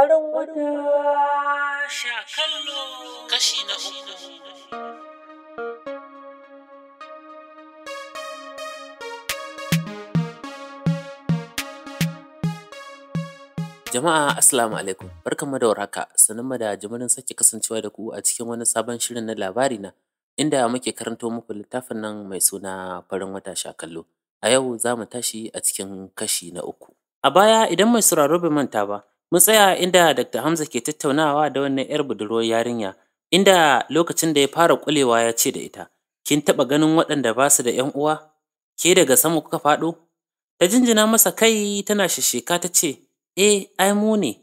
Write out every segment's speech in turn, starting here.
farin wata shakallo kashi na uku Jama'a Assalamu alaikum barkanmu da warhaka sananmu da jimirin sake kasancewa da ku a cikin wani sabon shirin na labari na inda muke karanto muku littafin nan mai suna farin wata sha a yau za mu tashi a cikin kashi na uku a baya idan mai sauraro bai manta ba Mun tsaya inda Dr. Hamza ke tattaunawa da wannan 'yar budurwar yarinya, inda lokacin da ya fara kulewa ya ce da ita, Kin taɓa ganin waɗanda ba su da ‘yan uwa? Ke daga sama kuka faɗo? Ta jinjina masa kai tana shisheka ta ce, E, ai mu ne.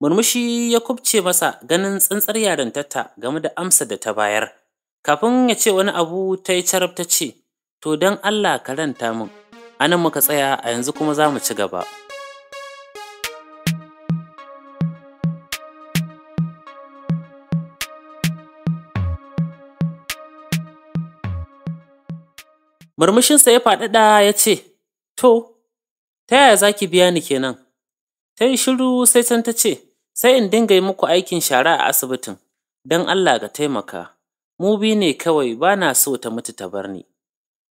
Murmushi ya kubce masa ganin tsantsar yarintarta game da amsa da ta bayar. Kafin ya ce wani abu ta yi carab ta ce, To don Allah ka ranta min, anan muka tsaya a yanzu kuma za mu ci gaba. Murmushinsa ya faɗaɗa ya ce, To, ta yaya za ki biya ni kenan? Ta yi shiru sai can ta ce, Sai in dinga yi muku aikin shara a asibitin, don Allah ga taimaka. Mu biyu ne kawai ba na so ta mutu ta bar ni.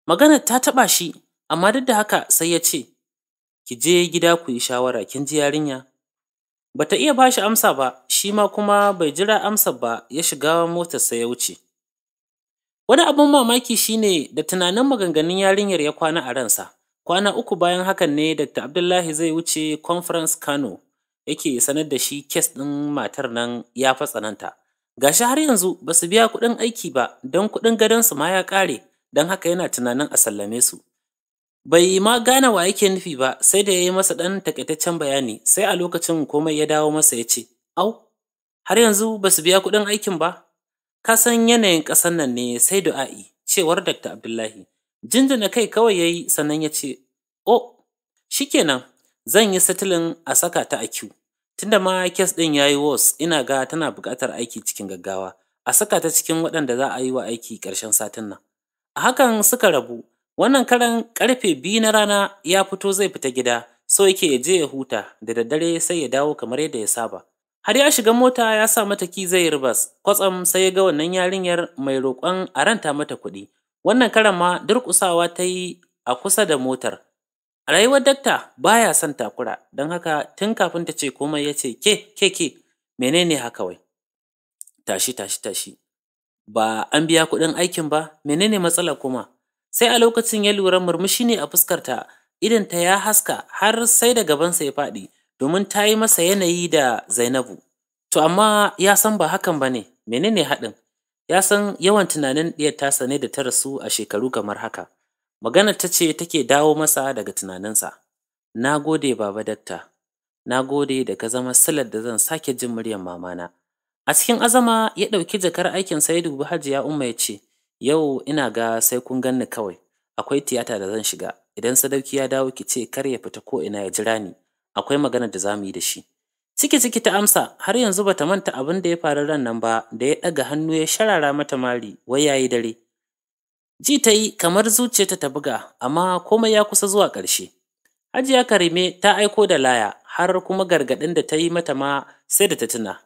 Maganar ta taɓa shi, amma duk da haka sai ya ce, Ki je gida ku yi shawara, kin ji yarinya? Bata iya ba shi amsa ba, shi ma kuma bai jira amsa ba ya shiga motarsa ya wuce. Wani abin mamaki shi ne da tunanin maganganun yarinyar ya kwana a ransa, kwana uku bayan hakan ne Dr. Abdullahi zai wuce Conference Kano yake sanar da shi kes ɗin matar nan ya fa tsananta. Gashi har yanzu ba su biya kuɗin aiki ba don kuɗin gadonsu ma ya ƙare, don haka yana tunanin a sallame su. Bai ma gane wa yake nufi ba sai da ya yi masa ɗan takaitaccen bayani sai a lokacin komai ya dawo masa ya ce, Au, har yanzu ba su biya kuɗin aikin ba? Ka san yanayin ƙasar nan ne sai du'a'i, cewar Dr. Abdullahi. Jinjina kai kawai ya yi sannan ya ce, O, shi zan yi satilin a saka ta a Q. Tunda ma kes ɗin ya yi wos, ina ga tana buƙatar aiki cikin gaggawa. A saka ta cikin waɗanda za a yi wa aiki ƙarshen satin nan. A hakan suka rabu, wannan karan ƙarfe biyu na rana ya fito zai fita gida, so yake ya je ya huta, da daddare sai ya dawo kamar yadda ya saba. Har ya shiga mota ya sa mata ki zai ribas, kwatsam sai ya ga wannan yarinyar mai roƙon a ranta mata kuɗi. Wannan karan ma durƙusawa ta yi a kusa da motar. A rayuwar dakta baya son takura, don haka tun kafin ta ce komai ya ce ke ke ke menene haka wai? Tashi tashi tashi. Ba an biya kuɗin aikin ba, menene matsala kuma? Sai a lokacin ya lura murmushi ne a fuskarta, idan ta ya haska har sai da gabansa ya faɗi. domin ta yi masa yanayi da Zainabu. To amma ya san ba hakan ba ne, menene haɗin? Ya san yawan tunanin ɗiyar tasa ne da ta rasu a shekaru kamar haka. Maganar ta ce take dawo masa daga tunaninsa. Na gode baba dakta, na gode da ka zama salar da zan sake jin muryar mamana. A cikin azama ya ɗauki jakar aikinsa ya dubi Hajiya Umma ya ce, Yau ina ga sai kun ganni kawai, akwai tiyata da zan shiga, idan sadauki ya dawo ki ce kar ya fita ko ina ya jira ni, akwai magana da za mu yi da shi. Ciki ciki ta amsa har yanzu bata manta abin da ya faru ran nan ba da ya ɗaga hannu ya sharara mata mari wai yayi dare. Ji ta yi kamar zuciyarta ta buga amma komai ya kusa zuwa ƙarshe. Hajiya Karime ta aiko da laya har kuma gargaɗin da ta yi mata ma sai da ta tuna.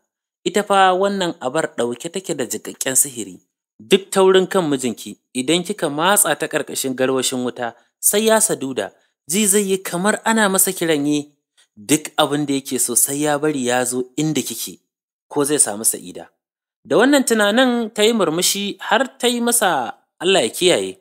Ita fa wannan abar ɗauke take da jiƙaƙƙen sihiri. Duk taurin kan mijinki idan kika matsa ta ƙarƙashin garwashin wuta sai ya saduda ji zai yi kamar ana masa kiran yi duk abin da yake so sai ya bari ya zo inda kike ko zai samu sa'ida. Da wannan tunanin ta yi murmushi har ta yi masa Allah ya kiyaye.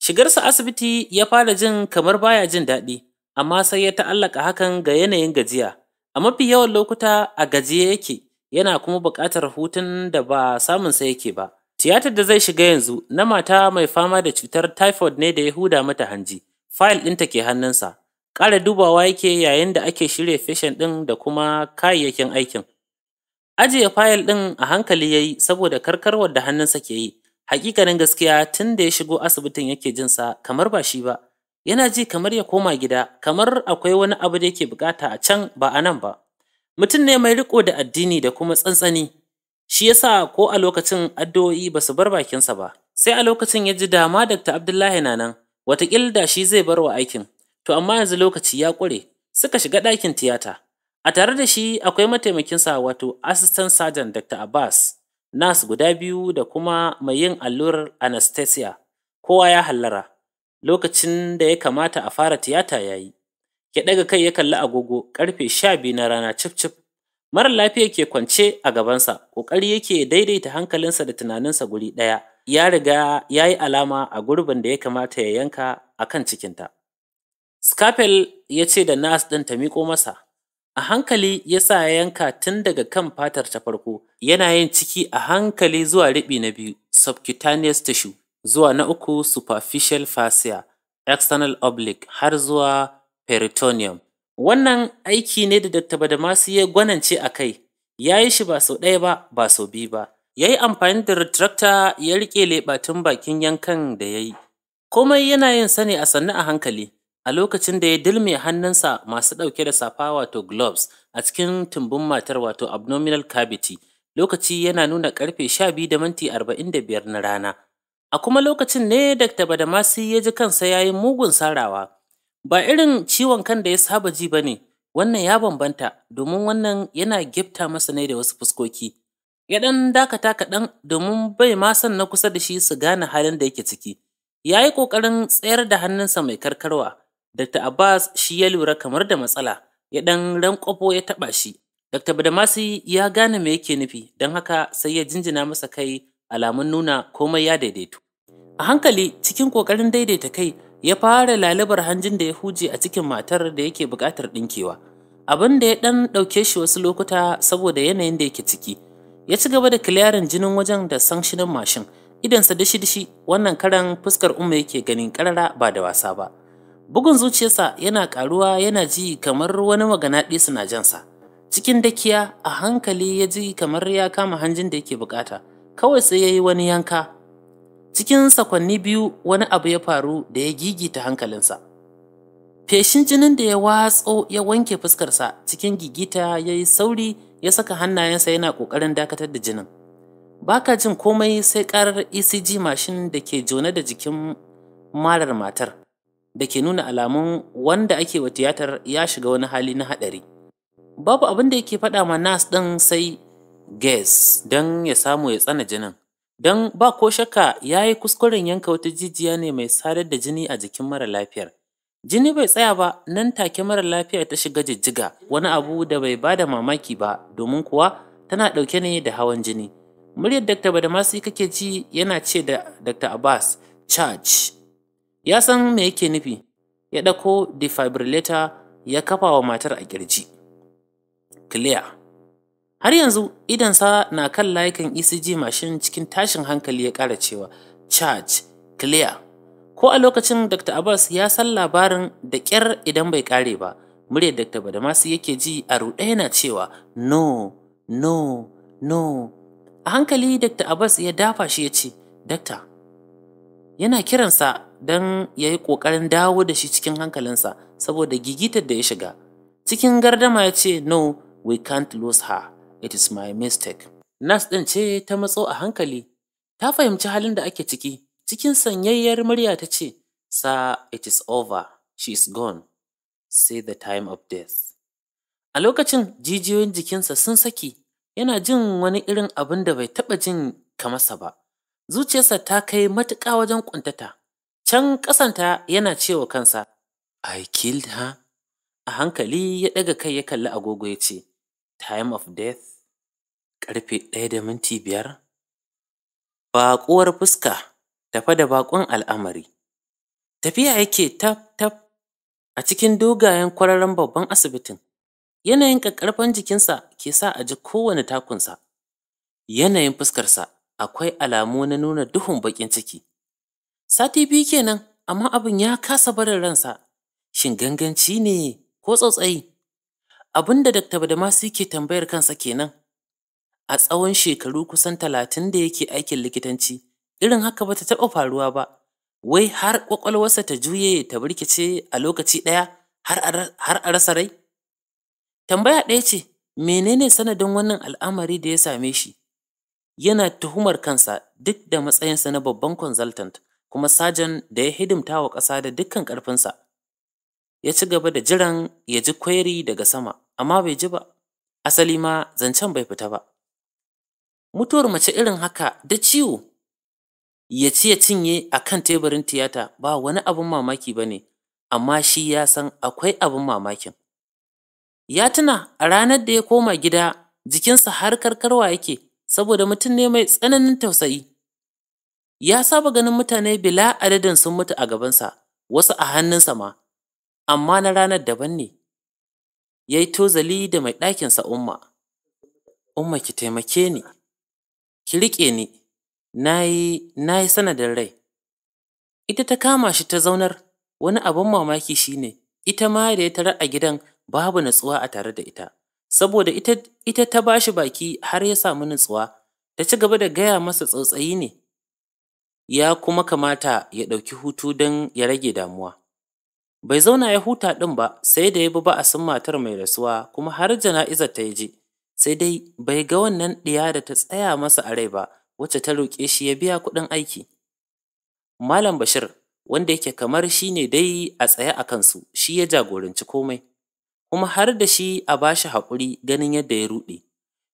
Shigarsa asibiti ya fara jin kamar baya jin daɗi, amma sai ya ta'allaka hakan ga yanayin gajiya. A mafi yawan lokuta a gajiye yake, yana kuma buƙatar hutun da ba samun sa yake ba. Tiyatar da zai shiga yanzu na mata mai fama da cutar typhoid ne da ya huda mata hanji, fayil ɗinta ke hannunsa. ƙara dubawa yake yayin da ake shirya feshin ɗin da kuma kayayyakin aikin. Ajiye fayil ɗin a hankali ya yi saboda karkarwar da hannunsa ke yi. Hakikanin gaskiya tun da ya shigo asibitin yake jinsa kamar ba shi ba. Yana ji kamar ya koma gida, kamar akwai wani abu da yake bukata a can ba a nan ba. Mutum ne mai riko da addini da kuma tsantsani. Shi yasa ko a lokacin addu'o'i ba su bar bakinsa ba. Sai a lokacin ya ji dama Dr. Abdullahi na nan, watakil da shi zai bar wa aikin, To amma yanzu lokaci ya ƙure, suka shiga ɗakin tiyata. A tare da shi akwai mataimakinsa wato Assistant Sergeant Dr. Abbas, nas guda biyu da kuma mai yin allurar anesthesia. Kowa ya hallara. Lokacin da ya kamata a fara tiyata ya yi. Ya ɗaga kai ya kalli agogo karfe sha biyu na rana cif cif. Mara lafiya ke kwance a gabansa, ƙoƙari yake daidaita hankalinsa da tunaninsa guri ɗaya. Ya riga ya yi alama a gurbin da ya kamata ya yanka a kan cikinta. Scapel ya ce da nas ɗin ta miƙo masa, a hankali ya sa ya yanka tun daga kan fatar ta farko, yana yin ciki a hankali zuwa riɓi na biyu, subcutaneous tissue, zuwa na uku superficial fascia, external oblique har zuwa peritoneum. Wannan aiki ne da Dr. Badamasi ya gwanance a kai, ya yi shi ba sau ɗaya ba, ba sau biyu ba. Ya yi amfani da retractor ya riƙe leɓatun bakin yankan da ya yi. Komai yana yin sani a sannu a hankali, a lokacin da ya dilme hannunsa masu ɗauke da safa wato gloves a cikin tumbin matar wato abdominal cavity lokaci yana nuna karfe biyu da minti biyar na rana a kuma lokacin ne Dr. Badamasi ya ji kansa yayin mugun sarawa ba irin ciwon kan da ya saba ji ba ne. wannan ya bambanta domin wannan yana gifta masa ne da wasu fuskoki ya ɗan dakata kaɗan domin bai ma san na kusa da shi su gane halin da yake ciki ya yi ƙoƙarin tsayar da hannunsa mai karkarwa Dr. Abbas shi ya lura kamar da matsala, ya ɗan rankwafo ya taɓa shi. Dr. Badamasi ya gane me yake nufi, don haka sai ya jinjina masa kai alamun nuna komai ya daidaito. A hankali cikin ƙoƙarin daidaita kai ya fara lalabar hanjin da ya huje a cikin matar da yake buƙatar ɗinkewa. Abin da ya ɗan ɗauke shi wasu lokuta saboda yanayin da yake ciki. Ya ci gaba da kiliyarin jinin wajen da sanshinin mashin, idansa dishi-dishi wannan karan fuskar umma yake ganin ƙarara ba da wasa ba. bugun zuciyarsa yana ƙaruwa yana ji kamar wani maganaɗi suna jansa cikin dakiya a hankali ya ji kamar ya kama hanjin da yake bukata kawai sai ya yi wani yanka cikin sakwanni biyu wani abu ya faru da ya gigita hankalinsa feshin jinin da ya watso ya wanke fuskarsa cikin gigita ya yi sauri ya saka hannayensa yana ƙoƙarin dakatar da jinin baka jin komai sai karar ecg mashin da ke jona da jikin marar matar da ke nuna alamun wanda ake wa tiyatar ya shiga wani hali na haɗari. Babu abin da yake faɗa ma nas ɗin sai gas don ya samu ya tsana jinin. Don ba ko shakka ya yi kuskuren yanka wata jijiya ne mai sadar da jini a jikin mara lafiyar. Jini bai tsaya ba nan take mara lafiyar ta shiga jijjiga wani abu da bai ba da mamaki ba domin kuwa tana ɗauke ne da hawan jini. Muryar Dr. Badamasi kake ji yana ce da Dr. Abbas, charge Ya san me yake nufi, ya ɗauko defibrillator ya kafa wa matar a ƙirji. Clear. Har yanzu idansa na kan layukan ECG mashin cikin tashin hankali ya ƙara cewa charge clear. Ko a lokacin Dr. Abbas ya san labarin da ƙyar idan bai ƙare ba, muryar Dr. Badamasi yake ji a ruɗe yana cewa no, no, no. A hankali Dr. Abbas ya dafa shi ya ce, Dr. yana kiransa Dan ya yi ƙoƙarin dawo da shi cikin hankalinsa saboda gigitar da ya shiga. Cikin gardama ya ce, No, we can't lose her. It is my mistake. Nas ɗin ce ta matso a hankali. Ta fahimci halin da ake ciki. Cikin sanyayyar murya ta ce, Sa it is over. She is gone. Say the time of death. A lokacin jijiyoyin jikinsa sun saki, yana jin wani irin abin da bai taɓa jin kamarsa ba. Zuciyarsa ta kai matuƙa wajen ƙuntata. Can ƙasanta yana cewa kansa, I killed her. A hankali ya ɗaga kai ya kalli agogo ya ce, Time of death, ƙarfe ɗaya da minti biyar. Baƙuwar fuska, tafa da baƙon al'amari. Tafiya yake taf-taf a cikin dogayen kwararren babban asibitin. Yanayin ƙaƙƙarfan jikinsa ke sa a ji kowane takunsa. Yanayin fuskarsa akwai alamu na nuna duhun baƙin ciki. Sati biyu kenan, amma abin ya kasa barin ransa. Shin ganganci ne ko tsautsayi? Abin da Dr. Badamasi ke tambayar kansa kenan. A tsawon shekaru kusan talatin da yake aikin likitanci, irin haka ba ta taɓa faruwa ba. Wai har ƙwaƙwalwarsa ta juye ta birkice a lokaci ɗaya har a rasa rai? Tambaya ɗaya ce, menene sanadin wannan al'amari da ya same shi? Yana tuhumar kansa duk da matsayinsa na babban consultant. kuma sajan da ya hidimta wa ƙasa da dukkan ƙarfinsa. Ya ci gaba da jiran ya ji kweri daga sama, amma bai ji ba, asali ma zancen bai fita ba. Mutuwar mace irin haka da ciwo, ya ci ya cinye a kan teburin tiyata ba wani abin mamaki ba ne, amma shi ya san akwai abin mamakin. Ya tuna a ranar da ya koma gida jikinsa har karkarwa yake saboda mutum ne mai tsananin tausayi. Ya saba ganin mutane bila adadin sun mutu a gabansa, wasu a hannunsa ma, amma na ranar daban ne. Ya yi tozali da mai ɗakinsa Umma. Umma ki taimake ni, ki riƙe ni, na yi sanadin rai. Ita ta kama shi ta zaunar, wani abin mamaki shi ne, ita ma da ya tarar a gidan babu natsuwa a tare da ita, saboda ita, ta ba shi baki har ya samu natsuwa, ta ci gaba da gaya masa tsautsayi ne, ya kuma kamata ya ɗauki hutu don ya rage damuwa. Bai zauna ya huta ɗin ba sai da ya bi ba'asin matar mai rasuwa kuma har jana'izar ta yi ji. sai dai bai ga wannan ɗiya da ta tsaya masa a rai ba wacce ta roƙe shi ya biya kuɗin aiki. Malam Bashir wanda yake kamar shi ne dai a tsaye a kansu shi ya jagoranci komai, kuma har da shi a bashi haƙuri ganin yadda ya ruɗe.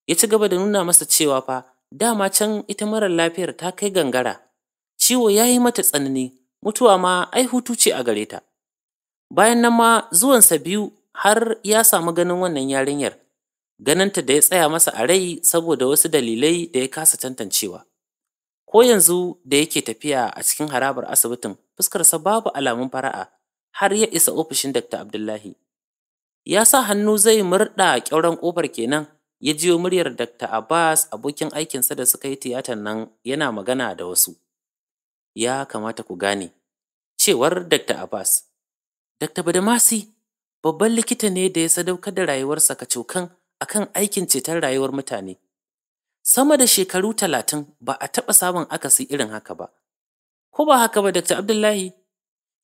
Ya ci gaba da nuna masa cewa fa dama can ita marar lafiyar ta kai gangara ciwo ya yi mata tsanani mutuwa ma ai hutu ce a gare ta bayan nan ma zuwansa biyu har ya samu ganin wannan yarinyar ganinta da ya tsaya masa a rai saboda wasu dalilai da ya kasa tantancewa ko yanzu da yake tafiya a cikin harabar asibitin fuskarsa babu alamun fara'a har ya isa ofishin Dr. Abdullahi. Ya sa hannu zai murɗa ƙyauren ƙofar kenan ya jiyo muryar Dr. Abbas abokin aikinsa da suka yi tiyatar nan yana magana da wasu. ya kamata ku gane cewar Dr. Abbas. Dr. Badamasi babban likita ne da ya sadaukar da rayuwarsa a akan aikin ceton rayuwar mutane. Sama da shekaru talatin ba a taɓa samun akasi irin haka ba. Ko ba haka ba Dr. Abdullahi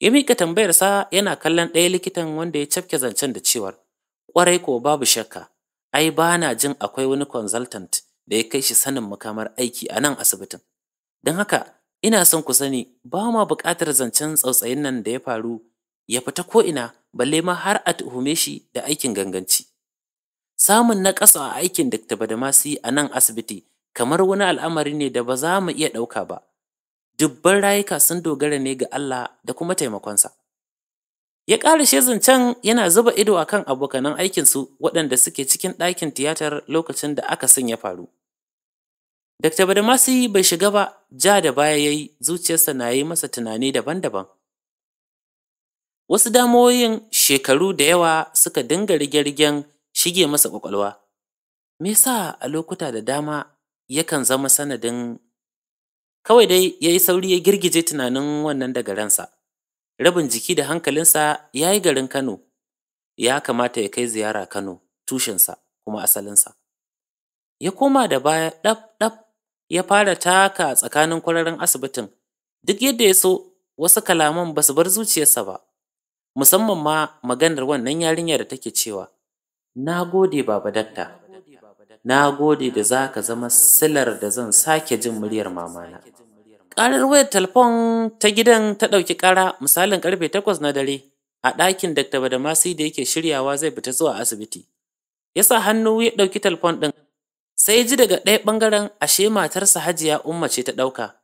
ya miƙa tambayarsa yana kallon ɗaya likitan wanda ya cafke zancen da cewar ƙwarai ko babu shakka ai ba na jin akwai wani consultant da ya kai shi sanin mukamar aiki a nan asibitin. Don haka Ina son ku sani ba ma buƙatar zancen tsautsayin nan da ya faru ya fita ko'ina balle ma har a tuhume shi da aikin ganganci. Samun ƙasa a aikin Dr. Badamasi a nan asibiti kamar wani al'amari ne da ba za mu iya ɗauka ba. Dubban rayuka sun dogara ne ga Allah da kuma taimakonsa. Ya ƙarashe zancen yana zuba ido a kan abokanan aikinsu waɗanda suke cikin ɗakin tiyatar lokacin da aka akasin ya faru. Dr. Badamasi bai shiga ba, ja da baya ya yi, zuciyarsa na yi masa tunani daban-daban. Wasu damoyin shekaru da yawa suka dinga rige-rigen shige masa ƙwaƙwalwa. Me yasa a lokuta da dama yakan zama sanadin kawai dai ya yi sauri ya girgije tunanin wannan daga ransa. Rabin jiki da hankalinsa ya yi garin Kano, ya kamata ya kai ziyara Kano, tushensa kuma asalinsa. Ya koma da baya ɗaf-ɗaf ya fara taka tsakanin kwararin asibitin duk yadda ya so wasu kalaman ba su bar zuciyarsa ba musamman ma maganar wannan yarinya da take cewa na gode baba Datta, na gode da za ka zama silar da zan sake jin muryar mamana ƙarar wayar talfon ta gidan ta ɗauki ƙara misalin ƙarfe takwas na dare a ɗakin dakta badamasi da yake shiryawa zai fita zuwa asibiti ya sa hannu ya ɗauki talfon ɗin sai ji daga ɗaya ɓangaren ashe matarsa hajiya umma ce ta ɗauka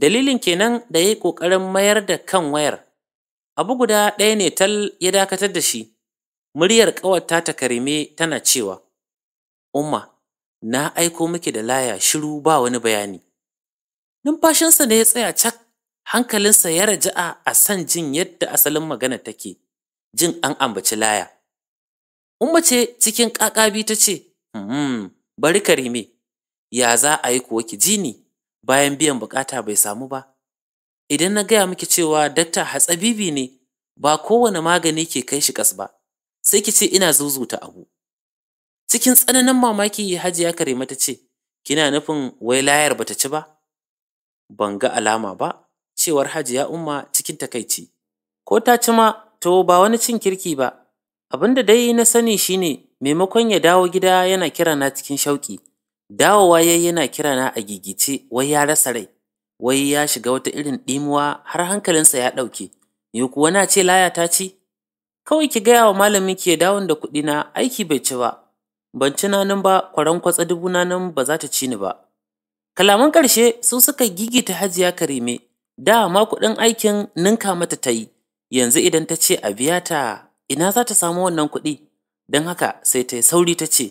dalilin kenan da ya yi ƙoƙarin mayar da kan wayar abu guda ɗaya ne tal ya dakatar da shi muryar ƙawarta ta karime tana cewa umma na aiko miki da laya shiru ba wani bayani numfashinsa ne ya tsaya cak hankalinsa ya raja'a a san jin yadda asalin magana take jin an ambaci laya umma ce cikin ƙaƙabi ta ce mm bari Karime, ya za a yi kuwa ki jini bayan biyan bukata bai samu ba? Idan na gaya miki cewa dakta hatsabibi ne, ba kowane magani ke kai shi kas ba, sai ki ce ina zuzuta abu. Cikin tsananin mamaki Hajiya Karima ta ce, Kina nufin wai layar ba ta ci ba? Ban ga alama ba, cewar Hajiya Umma cikin takaici. Ko ta ci ma, to ba wani cin kirki ba, Abinda dai na sani shine maimakon ya dawo gida yana kira na cikin shauƙi dawowa yayi yana kira na a gigice wai ya rasa rai wai ya shiga wata irin ɗimuwa har hankalinsa ya ɗauke ni kuwa na ce laya ta ci kawai ki gaya wa malamin ki ya dawo da kuɗi na aiki bai ci ba ban ci nanin ba kwaran kwatsa dubu nanin ba za ta ci ni ba kalaman ƙarshe su suka gigita hajiya karime da ma kuɗin aikin ninka mata ta yi yanzu idan ta ce a biya ta ina za ta samu wannan kuɗi Don haka sai ta yi sauri ta ce,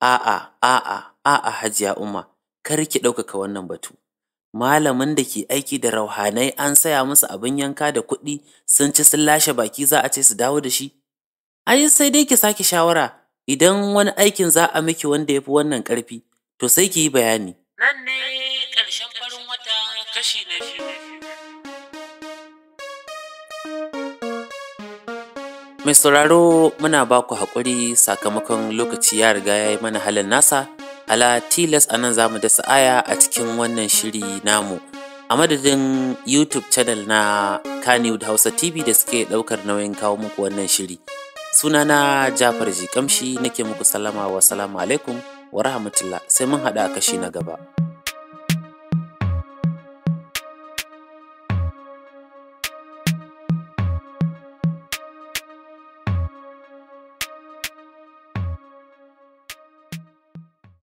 A'a, a'a, a'a hajiya Umma, kar ki ɗaukaka wannan batu. Malamin da ke aiki da rauhanai an saya musu abin yanka da kuɗi sun ci sun lashe baki za a ce su dawo da shi. Ai sai dai ki sake shawara idan wani aikin za a miki wanda ya fi wannan ƙarfi, to sai ki yi bayani. Nan ne Mai sauraro muna ba ku haƙuri sakamakon lokaci ya riga ya yi mana halin nasa, ala tilas a nan za mu dasa aya a cikin wannan shiri namu. A madadin YouTube channel na Kannywood Hausa TV da suke ɗaukar nauyin kawo muku wannan shiri. Sunana Jafar Jikamshi nake muku salama wa salamu alaikum wa rahmatullah sai mun haɗa a kashi na gaba.